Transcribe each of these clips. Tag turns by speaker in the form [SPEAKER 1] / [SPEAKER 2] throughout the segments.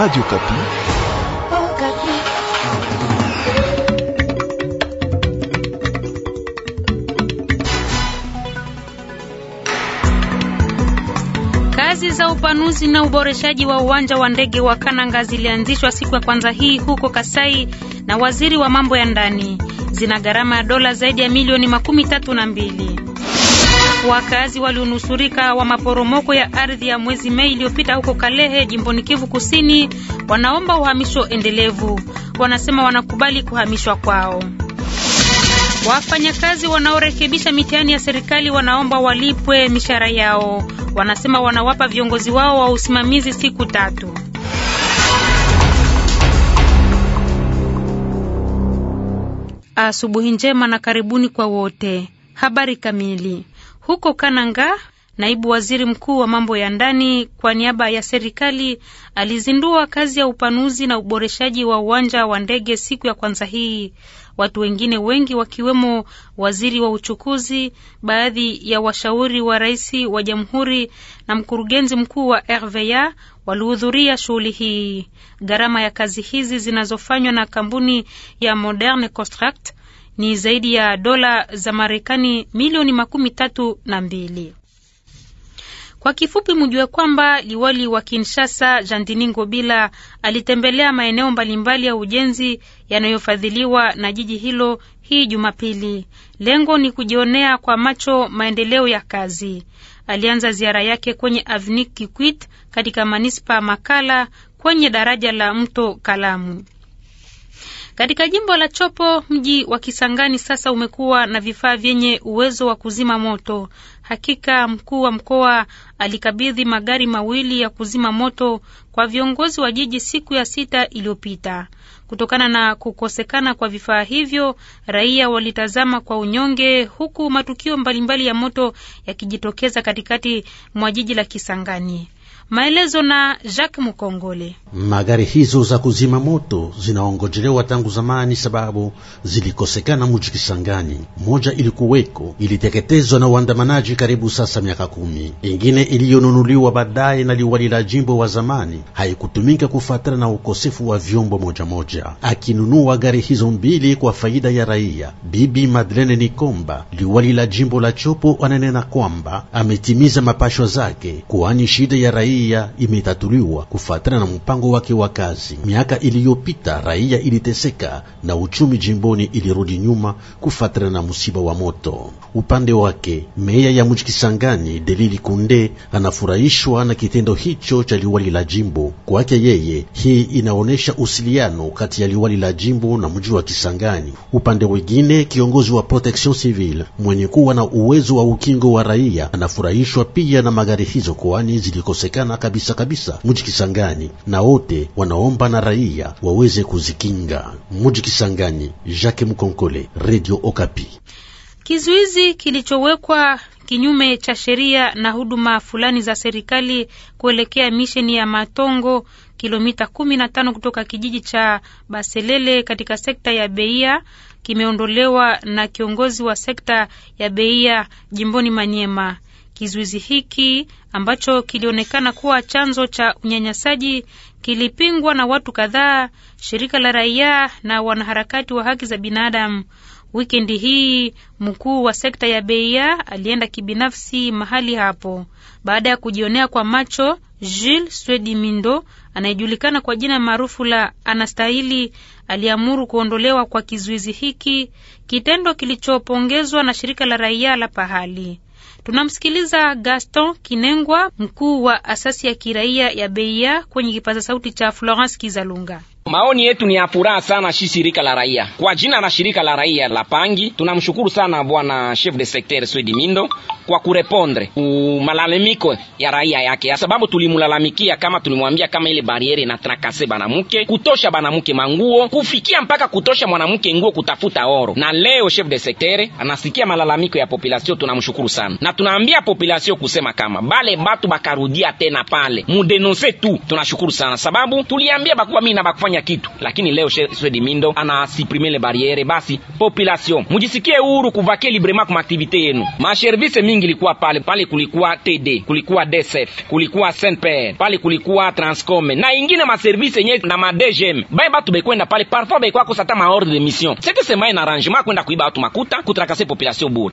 [SPEAKER 1] Radio Kapi. Oh,
[SPEAKER 2] Kapi.
[SPEAKER 3] Kazi za upanuzi na uboreshaji wa uwanja wa ndege wa Kananga zilianzishwa siku ya kwanza hii huko Kasai na waziri wa mambo ya ndani. Zina gharama ya dola zaidi ya milioni makumi tatu na mbili. Wakazi walionusurika wa maporomoko ya ardhi ya mwezi Mei iliyopita huko Kalehe jimboni Kivu Kusini wanaomba uhamisho endelevu. Wanasema wanakubali kuhamishwa kwao. Wafanyakazi wanaorekebisha mitihani ya serikali wanaomba walipwe mishahara yao. Wanasema wanawapa viongozi wao wa usimamizi siku tatu. Asubuhi njema na karibuni kwa wote. Habari kamili. Huko Kananga, naibu waziri mkuu wa mambo ya ndani kwa niaba ya serikali alizindua kazi ya upanuzi na uboreshaji wa uwanja wa ndege siku ya kwanza hii. Watu wengine wengi wakiwemo waziri wa uchukuzi, baadhi ya washauri wa rais wa jamhuri na mkurugenzi mkuu wa RVA walihudhuria shughuli hii. Gharama ya kazi hizi zinazofanywa na kampuni ya Modern Construct ni zaidi ya dola za Marekani milioni makumi tatu na mbili. Kwa kifupi mjue kwamba liwali wa Kinshasa Jandini Ngobila alitembelea maeneo mbalimbali ya ujenzi yanayofadhiliwa na jiji hilo hii Jumapili. Lengo ni kujionea kwa macho maendeleo ya kazi. Alianza ziara yake kwenye avni Kikwit katika manispa Makala kwenye daraja la mto Kalamu. Katika jimbo la Chopo, mji wa Kisangani sasa umekuwa na vifaa vyenye uwezo wa kuzima moto. Hakika mkuu wa mkoa alikabidhi magari mawili ya kuzima moto kwa viongozi wa jiji siku ya sita iliyopita. Kutokana na kukosekana kwa vifaa hivyo, raia walitazama kwa unyonge, huku matukio mbalimbali ya moto yakijitokeza katikati mwa jiji la Kisangani. Maelezo na Jacques Mukongole.
[SPEAKER 1] Magari hizo za kuzima moto zinaongojelewa tangu zamani, sababu zilikosekana muji Kisangani. Moja ilikuweko iliteketezwa na waandamanaji karibu sasa miaka kumi, ingine iliyonunuliwa baadaye na liwali la jimbo wa zamani haikutumika kufuatana na ukosefu wa vyombo moja moja. Akinunua gari hizo mbili kwa faida ya raia, Bibi Madeleine Nikomba, liwali la jimbo la Chopo, ananena kwamba ametimiza mapashwa zake, kwani shida ya raia raia imetatuliwa kufuatana na mpango wake wa kazi. Miaka iliyopita raia iliteseka na uchumi jimboni ilirudi nyuma kufuatana na msiba wa moto. Upande wake meya ya mji Kisangani Delili Kunde anafurahishwa na kitendo hicho cha liwali la jimbo. Kwake yeye, hii inaonyesha usiliano kati ya liwali la jimbo na mji wa Kisangani. Upande wengine, kiongozi wa protection civile mwenye kuwa na uwezo wa ukingo wa raia anafurahishwa pia na magari hizo, kwani zilikosekana kupatikana kabisa kabisa muji Kisangani, na wote wanaomba na raia waweze kuzikinga. Muji Kisangani, Jacques Mukonkole, Radio Okapi.
[SPEAKER 3] Kizuizi kilichowekwa kinyume cha sheria na huduma fulani za serikali kuelekea misheni ya Matongo, kilomita 15 kutoka kijiji cha Baselele katika sekta ya Beia kimeondolewa na kiongozi wa sekta ya Beia jimboni Maniema. Kizuizi hiki ambacho kilionekana kuwa chanzo cha unyanyasaji kilipingwa na watu kadhaa, shirika la raia na wanaharakati wa haki za binadamu. Wikendi hii mkuu wa sekta ya Beia alienda kibinafsi mahali hapo baada ya kujionea kwa macho. Jules mindo anayejulikana kwa jina maarufu la Anastahili aliamuru kuondolewa kwa kizuizi hiki, kitendo kilichopongezwa na shirika la raia la pahali. Tunamsikiliza Gaston Kinengwa, mkuu wa asasi ya kiraia ya Beia kwenye kipaza sauti cha Florence Kizalunga.
[SPEAKER 4] Maoni yetu ni ya furaha sana shi shirika la raia kwa jina la shirika la raia la Pangi, tunamshukuru sana bwana chef de secteur Swedi Mindo kwa kurepondre malalamiko ya raia yake, ya sababu tulimlalamikia kama tulimwambia kama ile bariere na trakase banamuke kutosha banamuke manguo kufikia mpaka kutosha mwanamke nguo kutafuta oro, na leo chef de secteur anasikia malalamiko ya population. Tunamshukuru sana na tunaambia population kusema kama bale batu bakarudia tena pale mudenonse tu. Tunashukuru sana sababu tuliambia bakuwa mimi na bakuwa kufanya kitu, lakini leo Swedi Mindo anasiprime les barrières. Basi population mujisikie huru kuvakia librement ku activité yenu. service mingi ilikuwa pale pale, kulikuwa TD, kulikuwa DSF, kulikuwa SNPR pale, kulikuwa Transcome na ingine service yenye na madgm bae batu bekwenda pale parfois bekwakosa ma ordre de mission sete semaine arrangement kwenda kuiba watu makuta kutrakase population bure.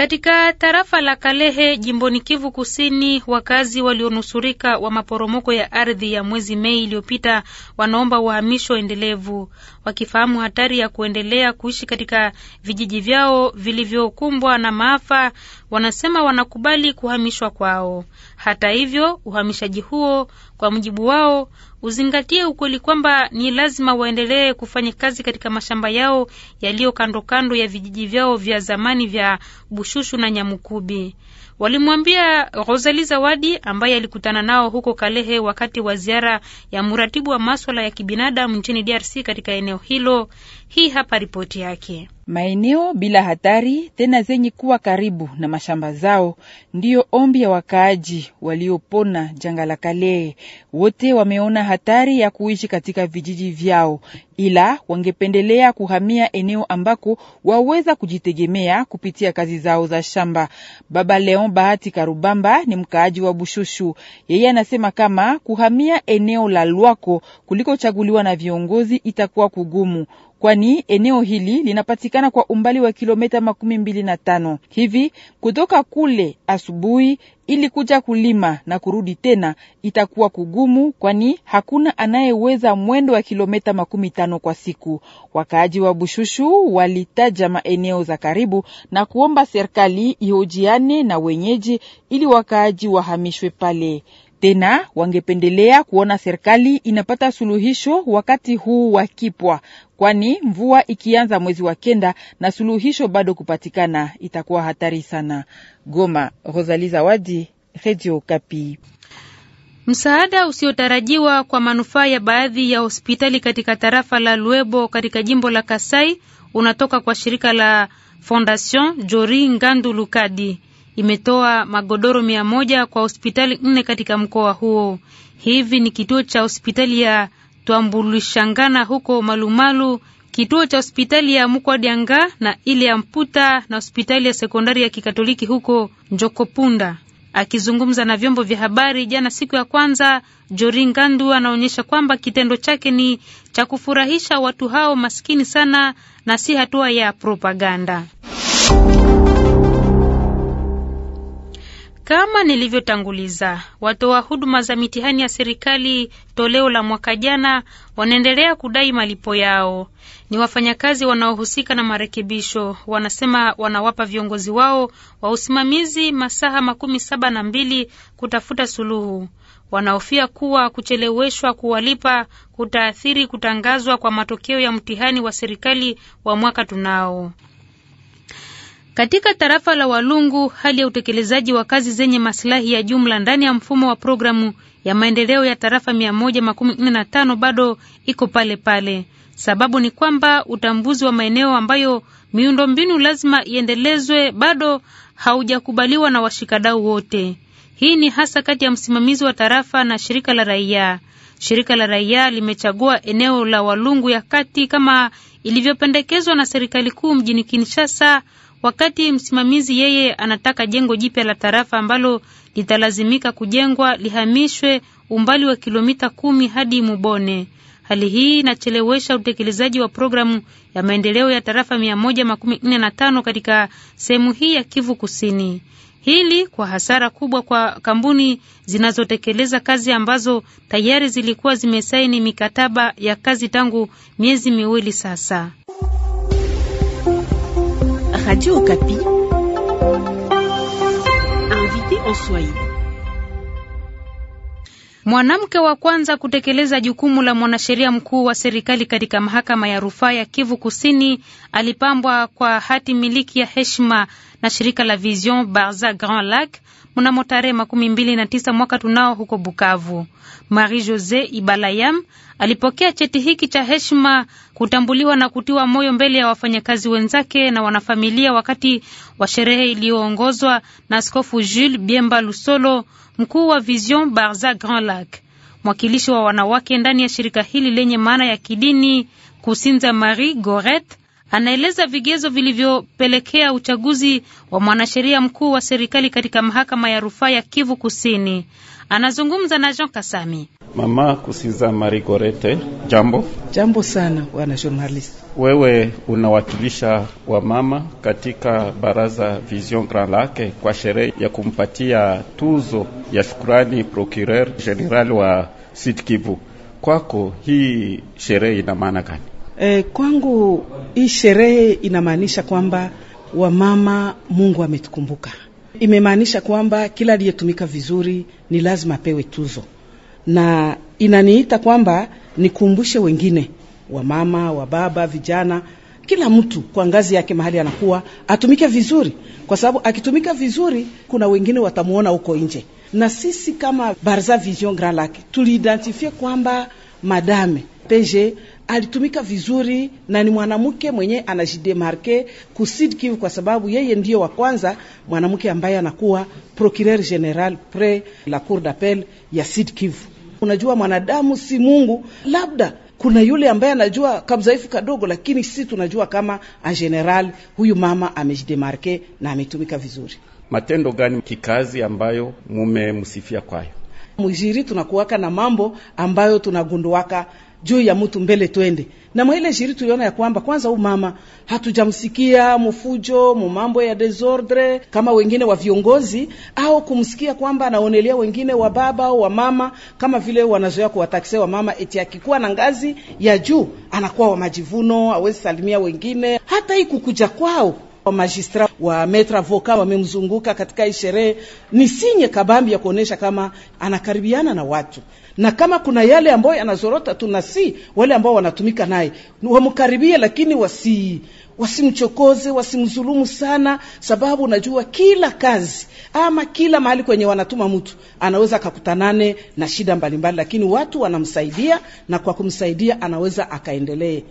[SPEAKER 3] Katika tarafa la Kalehe jimboni Kivu Kusini, wakazi walionusurika wa maporomoko ya ardhi ya mwezi Mei iliyopita wanaomba uhamisho endelevu, wakifahamu hatari ya kuendelea kuishi katika vijiji vyao vilivyokumbwa na maafa. Wanasema wanakubali kuhamishwa kwao. Hata hivyo, uhamishaji huo, kwa mujibu wao, uzingatie ukweli kwamba ni lazima waendelee kufanya kazi katika mashamba yao yaliyo kando kando ya vijiji vyao vya zamani vya Bushushu na Nyamukubi. Walimwambia Rosali Zawadi ambaye alikutana nao huko Kalehe wakati wa ziara ya mratibu wa maswala ya kibinadamu nchini DRC katika eneo hilo. Hii hapa ripoti yake.
[SPEAKER 5] Maeneo bila hatari tena zenye kuwa karibu na mashamba zao ndiyo ombi ya wakaaji waliopona janga la Kalehe. Wote wameona hatari ya kuishi katika vijiji vyao, ila wangependelea kuhamia eneo ambako waweza kujitegemea kupitia kazi zao za shamba. Baba Leon Bahati Karubamba ni mkaaji wa Bushushu. Yeye anasema kama kuhamia eneo la Lwako kulikochaguliwa na viongozi itakuwa kugumu kwani eneo hili linapatikana kwa umbali wa kilometa makumi mbili na tano hivi kutoka kule asubuhi ili kuja kulima na kurudi tena itakuwa kugumu, kwani hakuna anayeweza mwendo wa kilometa makumi tano kwa siku. Wakaaji wa Bushushu walitaja maeneo za karibu na kuomba serikali ihojiane na wenyeji ili wakaaji wahamishwe pale. Tena wangependelea kuona serikali inapata suluhisho wakati huu wakipwa kwani mvua ikianza mwezi wa kenda na suluhisho bado kupatikana itakuwa hatari sana. Goma, Rosali Zawadi, Redio Kapi.
[SPEAKER 3] Msaada usiotarajiwa kwa manufaa ya baadhi ya hospitali katika tarafa la Luebo katika jimbo la Kasai unatoka kwa shirika la Fondation Jori Ngandu Lukadi. Imetoa magodoro mia moja kwa hospitali nne katika mkoa huo. Hivi ni kituo cha hospitali ya Twambulishangana huko Malumalu, kituo cha hospitali ya Mukwadianga na ile ya Mputa na hospitali ya sekondari ya Kikatoliki huko Njokopunda. Akizungumza na vyombo vya habari jana siku ya kwanza, Jori Ngandu anaonyesha kwamba kitendo chake ni cha kufurahisha watu hao maskini sana na si hatua ya propaganda. Kama nilivyotanguliza, watoa huduma za mitihani ya serikali toleo la mwaka jana wanaendelea kudai malipo yao. Ni wafanyakazi wanaohusika na marekebisho, wanasema wanawapa viongozi wao wa usimamizi masaha makumi saba na mbili kutafuta suluhu. Wanahofia kuwa kucheleweshwa kuwalipa kutaathiri kutangazwa kwa matokeo ya mtihani wa serikali wa mwaka tunao. Katika tarafa la Walungu, hali ya utekelezaji wa kazi zenye masilahi ya jumla ndani ya mfumo wa programu ya maendeleo ya tarafa 145 bado iko pale pale. Sababu ni kwamba utambuzi wa maeneo ambayo miundombinu lazima iendelezwe bado haujakubaliwa na washikadau wote. Hii ni hasa kati ya msimamizi wa tarafa na shirika la raia. Shirika la raia limechagua eneo la Walungu ya kati kama ilivyopendekezwa na serikali kuu mjini Kinshasa wakati msimamizi yeye anataka jengo jipya la tarafa ambalo litalazimika kujengwa lihamishwe umbali wa kilomita kumi hadi Mubone. Hali hii inachelewesha utekelezaji wa programu ya maendeleo ya tarafa 145 katika sehemu hii ya Kivu Kusini. Hili kwa hasara kubwa kwa kampuni zinazotekeleza kazi ambazo tayari zilikuwa zimesaini mikataba ya kazi tangu miezi miwili sasa. au capi, invité en soie. Mwanamke wa kwanza kutekeleza jukumu la mwanasheria mkuu wa serikali katika mahakama ya rufaa ya Kivu Kusini alipambwa kwa hati miliki ya heshima na shirika la Vision Barza Grand Lac mnamo tarehe makumi mbili na tisa mwaka tunao huko Bukavu. Marie Jose Ibalayam alipokea cheti hiki cha heshima, kutambuliwa na kutiwa moyo mbele ya wafanyakazi wenzake na wanafamilia wakati wa sherehe iliyoongozwa na Askofu Jules Biemba Lusolo mkuu wa Vision Barza Grand Lac, mwakilishi wa wanawake ndani ya shirika hili lenye maana ya kidini Kusinza Marie Goret anaeleza vigezo vilivyopelekea uchaguzi wa mwanasheria mkuu wa serikali katika mahakama ya rufaa ya Kivu Kusini. Anazungumza na Jean Kasami.
[SPEAKER 2] Mama Kusiza Marigorete, Gorete, jambo. Jambo sana bwana journalist. Wewe unawakilisha wamama katika baraza Vision Grand Lake kwa sherehe ya kumpatia tuzo ya shukurani procureur general wa Sud Kivu. Kwako hii sherehe ina maana gani?
[SPEAKER 6] E, kwangu hii sherehe inamaanisha kwamba wamama, Mungu ametukumbuka. Imemaanisha kwamba kila aliyetumika vizuri ni lazima apewe tuzo na inaniita kwamba nikumbushe wengine, wa mama wa baba vijana, kila mtu kwa ngazi yake mahali anakuwa atumike vizuri, kwa sababu akitumika vizuri, kuna wengine watamuona huko nje. Na sisi kama Barza Vision Grand Lac tuliidentifie kwamba madame PG alitumika vizuri na ni mwanamke mwenye anajidemarke kusud Kivu, kwa sababu yeye ndiyo wa kwanza mwanamke ambaye anakuwa procureur general pre la cour d'appel ya sud Kivu. Unajua, mwanadamu si Mungu, labda kuna yule ambaye anajua kabzaifu kadogo, lakini si tunajua kama en general huyu mama amejidemarke na ametumika vizuri.
[SPEAKER 2] Matendo gani kikazi ambayo mumemsifia kwayo?
[SPEAKER 6] Mwijiri tunakuwaka na mambo ambayo tunagunduwaka juu ya mtu mbele twende na mwile jiri Tuliona ya kwamba kwanza huyu mama hatujamsikia mufujo mumambo ya desordre kama wengine wa viongozi, au kumsikia kwamba anaonelea wengine wa baba au wa mama, kama vile wanazoea kuwataksia wa mama, eti akikuwa na ngazi ya juu anakuwa wa majivuno, awezi salimia wengine. Hata hii kukuja kwao wa wa metra avoka wamemzunguka katika hii sherehe, ni sinye kabambi ya kuonesha kama anakaribiana na watu na kama kuna yale ambayo yanazorota, si wale ambao wanatumika naye wamkaribie, lakini wasi wasimchokoze wasimdhulumu sana, sababu unajua kila kazi ama kila mahali kwenye wanatuma mtu anaweza akakutanane na shida mbalimbali, lakini watu wanamsaidia, na kwa kumsaidia anaweza akaendelee.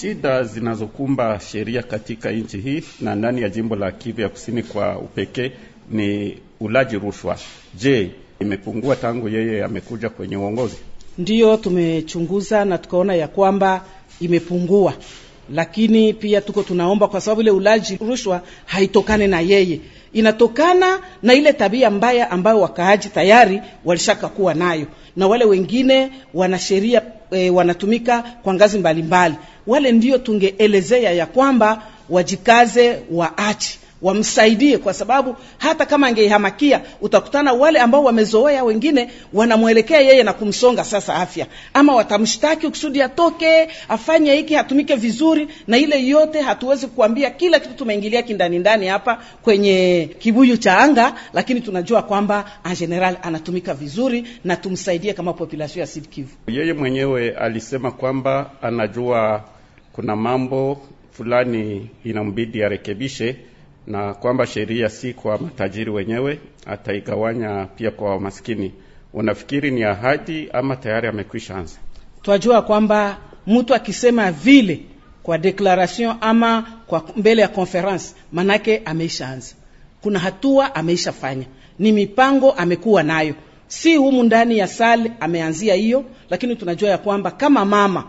[SPEAKER 2] Shida zinazokumba sheria katika nchi hii na ndani ya jimbo la Kivu ya Kusini kwa upekee ni ulaji rushwa. Je, imepungua tangu yeye amekuja kwenye uongozi? Ndiyo, tumechunguza na
[SPEAKER 6] tukaona ya kwamba imepungua, lakini pia tuko tunaomba, kwa sababu ile ulaji rushwa haitokane na yeye, inatokana na ile tabia mbaya ambayo wakaaji tayari walishaka kuwa nayo, na wale wengine wanasheria e, wanatumika kwa ngazi mbalimbali, wale ndio tungeelezea ya kwamba wajikaze, waache wamsaidie, kwa sababu hata kama angeihamakia utakutana wale ambao wamezoea, wengine wanamwelekea yeye na kumsonga sasa afya, ama watamshtaki kusudi atoke afanye hiki, hatumike vizuri. Na ile yote hatuwezi kuambia kila kitu, tumeingilia kindani ndani hapa kwenye kibuyu cha anga, lakini tunajua kwamba en general anatumika vizuri na tumsaidie kama population ya Sud Kivu.
[SPEAKER 2] Yeye mwenyewe alisema kwamba anajua kuna mambo fulani inambidi arekebishe na kwamba sheria si kwa matajiri wenyewe, ataigawanya pia kwa maskini Unafikiri ni ahadi ama tayari amekwisha anza? Twajua
[SPEAKER 6] kwamba mtu akisema vile kwa deklarasion ama kwa mbele ya konferansi, manake ameisha anza, kuna hatua ameisha fanya, ni mipango amekuwa nayo, si humu ndani ya sal ameanzia hiyo, lakini tunajua ya kwamba kama mama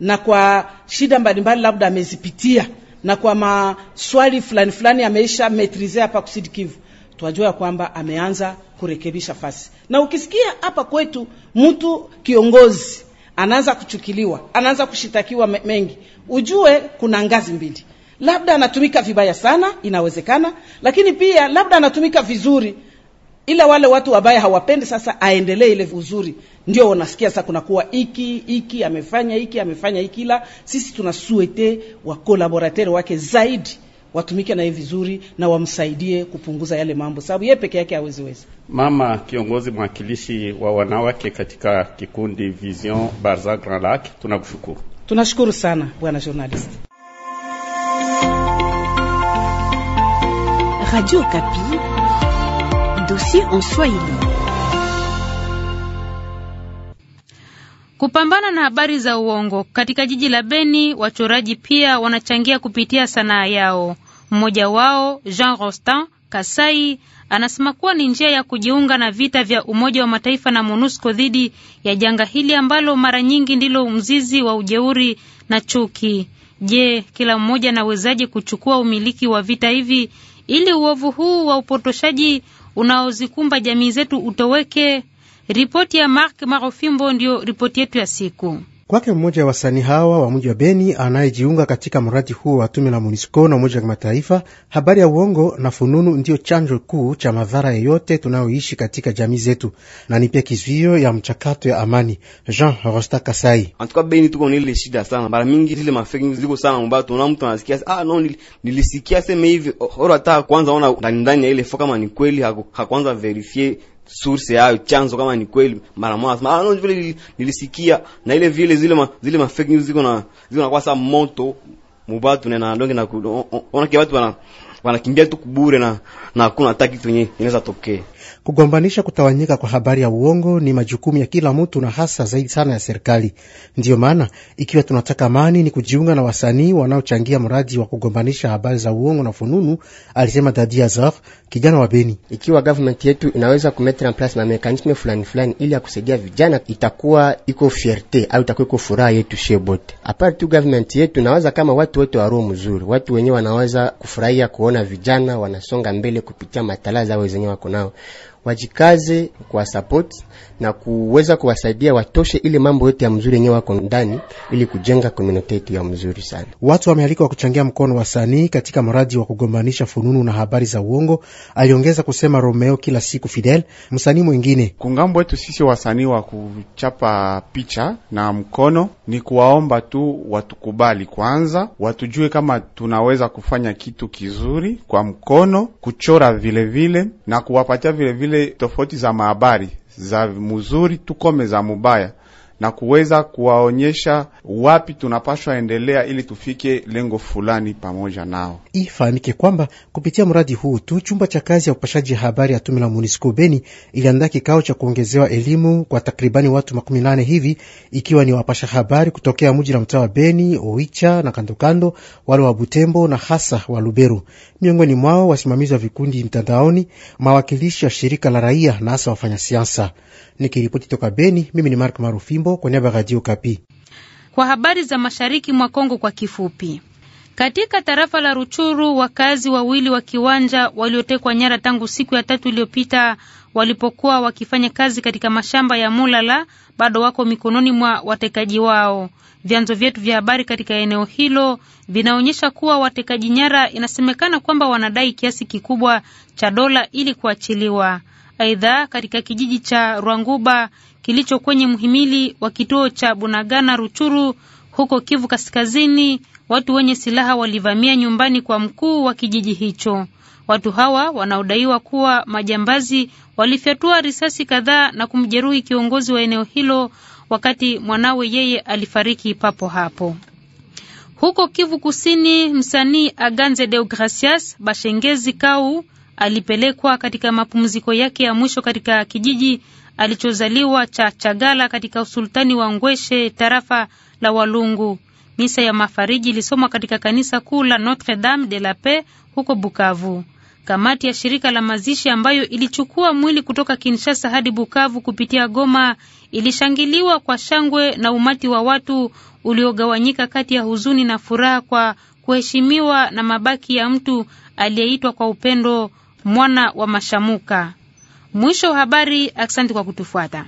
[SPEAKER 6] na kwa shida mbalimbali labda amezipitia na kwa maswali fulani fulani ameisha maitrize hapa kusidi Kivu, twajua ya kwamba ameanza kurekebisha fasi. Na ukisikia hapa kwetu mtu kiongozi anaanza kuchukiliwa, anaanza kushitakiwa mengi, ujue kuna ngazi mbili labda anatumika vibaya sana, inawezekana, lakini pia labda anatumika vizuri ila wale watu ambaye hawapendi sasa aendelee ile uzuri, ndio wanasikia sasa kunakuwa iki iki amefanya iki amefanya iki, ila sisi tunasuete wa collaborateur wake zaidi watumike naye vizuri na wamsaidie kupunguza yale mambo, sababu yeye peke yake haweziwezi.
[SPEAKER 2] Mama kiongozi mwakilishi wa wanawake katika kikundi Vision Barza Grand Lac, tunakushukuru.
[SPEAKER 6] Tunashukuru sana bwana journalist.
[SPEAKER 3] Radio Kapi dossier en Swahili. Kupambana na habari za uongo katika jiji la Beni, wachoraji pia wanachangia kupitia sanaa yao. Mmoja wao Jean Rostan Kasai anasema kuwa ni njia ya kujiunga na vita vya Umoja wa Mataifa na MONUSCO dhidi ya janga hili ambalo mara nyingi ndilo mzizi wa ujeuri na chuki. Je, kila mmoja anawezaje kuchukua umiliki wa vita hivi ili uovu huu wa upotoshaji unaozikumba jamii zetu utoweke. Ripoti ya Mark Marofimbo ndio ripoti yetu ya siku.
[SPEAKER 7] Kwake mmoja wa wasanii hawa wa mji wa Beni anayejiunga katika mradi huo wa tume la MONUSCO na Umoja wa Kimataifa, habari ya uongo na fununu ndiyo chanjo kuu cha madhara yeyote tunayoishi katika jamii zetu, na ni pia kizuio ya mchakato ya amani. Jean Rosta Kasai:
[SPEAKER 4] antuka Beni
[SPEAKER 6] tuko nile shida sana, mara mingi zile mafeki ziko sana mbato, unaona mtu anasikia ah, no nilisikia seme hivi ora, hata kwanza ona ndanindani ya ile fo kama ni kweli, hakwanza verifie source hayo chanzo kama ni kweli, mara moja sema ah, no, vile nilisikia na ile vile zile ma, zile ma fake news ziko na ziko na kwa moto mubatu na ndonge na ona kwa watu wana
[SPEAKER 7] wanakimbia tu kubure na na hakuna hata kitu yenye inaweza tokea. Kugombanisha kutawanyika kwa habari ya uongo ni majukumu ya kila mtu na hasa zaidi sana ya serikali. Ndiyo maana ikiwa tunataka amani ni kujiunga na wasanii wanaochangia mradi wa kugombanisha habari za uongo na fununu, alisema Dadi Azar, kijana wa Beni. Ikiwa government yetu inaweza kumetre en place mekanisme fulani fulani ili ya kusaidia vijana, itakuwa iko fierte au itakuwa iko furaha yetu shie bote. Apart tu government yetu nawaza kama watu wote wa roho mzuri, watu wenyewe wanaweza kufurahia kuona vijana wanasonga mbele kupitia matalaa zao zenyewe wako nao wajikaze kwa support na kuweza kuwasaidia watoshe ile mambo yote ya mzuri yenyewe wako ndani, ili kujenga komunote yetu ya mzuri sana. Watu wamealikwa kuchangia mkono wa katika mradi wa kugombanisha fununu na habari za uongo, aliongeza kusema Romeo kila siku Fidel, msanii
[SPEAKER 2] mwingine. Kungambo wetu sisi wasanii wa kuchapa picha na mkono, ni kuwaomba tu watukubali kwanza, watujue kama tunaweza kufanya kitu kizuri kwa mkono, kuchora vilevile vile, na kuwapatia vilevile tofauti za mahabari za muzuri tukome za mubaya na kuweza kuwaonyesha wapi tunapashwa endelea ili tufike lengo fulani pamoja nao.
[SPEAKER 7] Ifahamike kwamba kupitia mradi huu tu chumba cha kazi ya upashaji habari ya tume la MONUSCO Beni iliandaa kikao cha kuongezewa elimu kwa takribani watu makumi nane hivi, ikiwa ni wapasha habari kutokea mji la mtaa wa Beni, Oicha na kandokando, wale wa Butembo na hasa wa Luberu. Miongoni mwao wasimamizi wa vikundi mtandaoni, mawakilishi wa shirika la raia na hasa wafanyasiasa. Nikiripoti toka Beni, mimi ni Mark Marufimbo. Mambo kwa niaba Radio Kapi.
[SPEAKER 3] Kwa habari za mashariki mwa Kongo kwa kifupi. Katika tarafa la Ruchuru, wakazi wawili wa kiwanja waliotekwa nyara tangu siku ya tatu iliyopita walipokuwa wakifanya kazi katika mashamba ya Mulala bado wako mikononi mwa watekaji wao. Vyanzo vyetu vya habari katika eneo hilo vinaonyesha kuwa watekaji nyara, inasemekana kwamba wanadai kiasi kikubwa cha dola ili kuachiliwa. Aidha, katika kijiji cha Rwanguba kilicho kwenye mhimili wa kituo cha Bunagana Ruchuru huko Kivu Kaskazini, watu wenye silaha walivamia nyumbani kwa mkuu wa kijiji hicho. Watu hawa wanaodaiwa kuwa majambazi walifyatua risasi kadhaa na kumjeruhi kiongozi wa eneo hilo, wakati mwanawe yeye alifariki papo hapo. Huko Kivu Kusini, msanii Aganze Deogracias Bashengezi Kau alipelekwa katika mapumziko yake ya mwisho katika kijiji alichozaliwa cha Chagala katika usultani wa Ngweshe, tarafa la Walungu. Misa ya mafariji ilisomwa katika kanisa kuu la Notre Dame de la Paix huko Bukavu. Kamati ya shirika la mazishi ambayo ilichukua mwili kutoka Kinshasa hadi Bukavu kupitia Goma ilishangiliwa kwa shangwe na umati wa watu uliogawanyika kati ya huzuni na furaha kwa kuheshimiwa na mabaki ya mtu aliyeitwa kwa upendo mwana wa Mashamuka. Mwisho wa habari. Asante kwa kutufuata.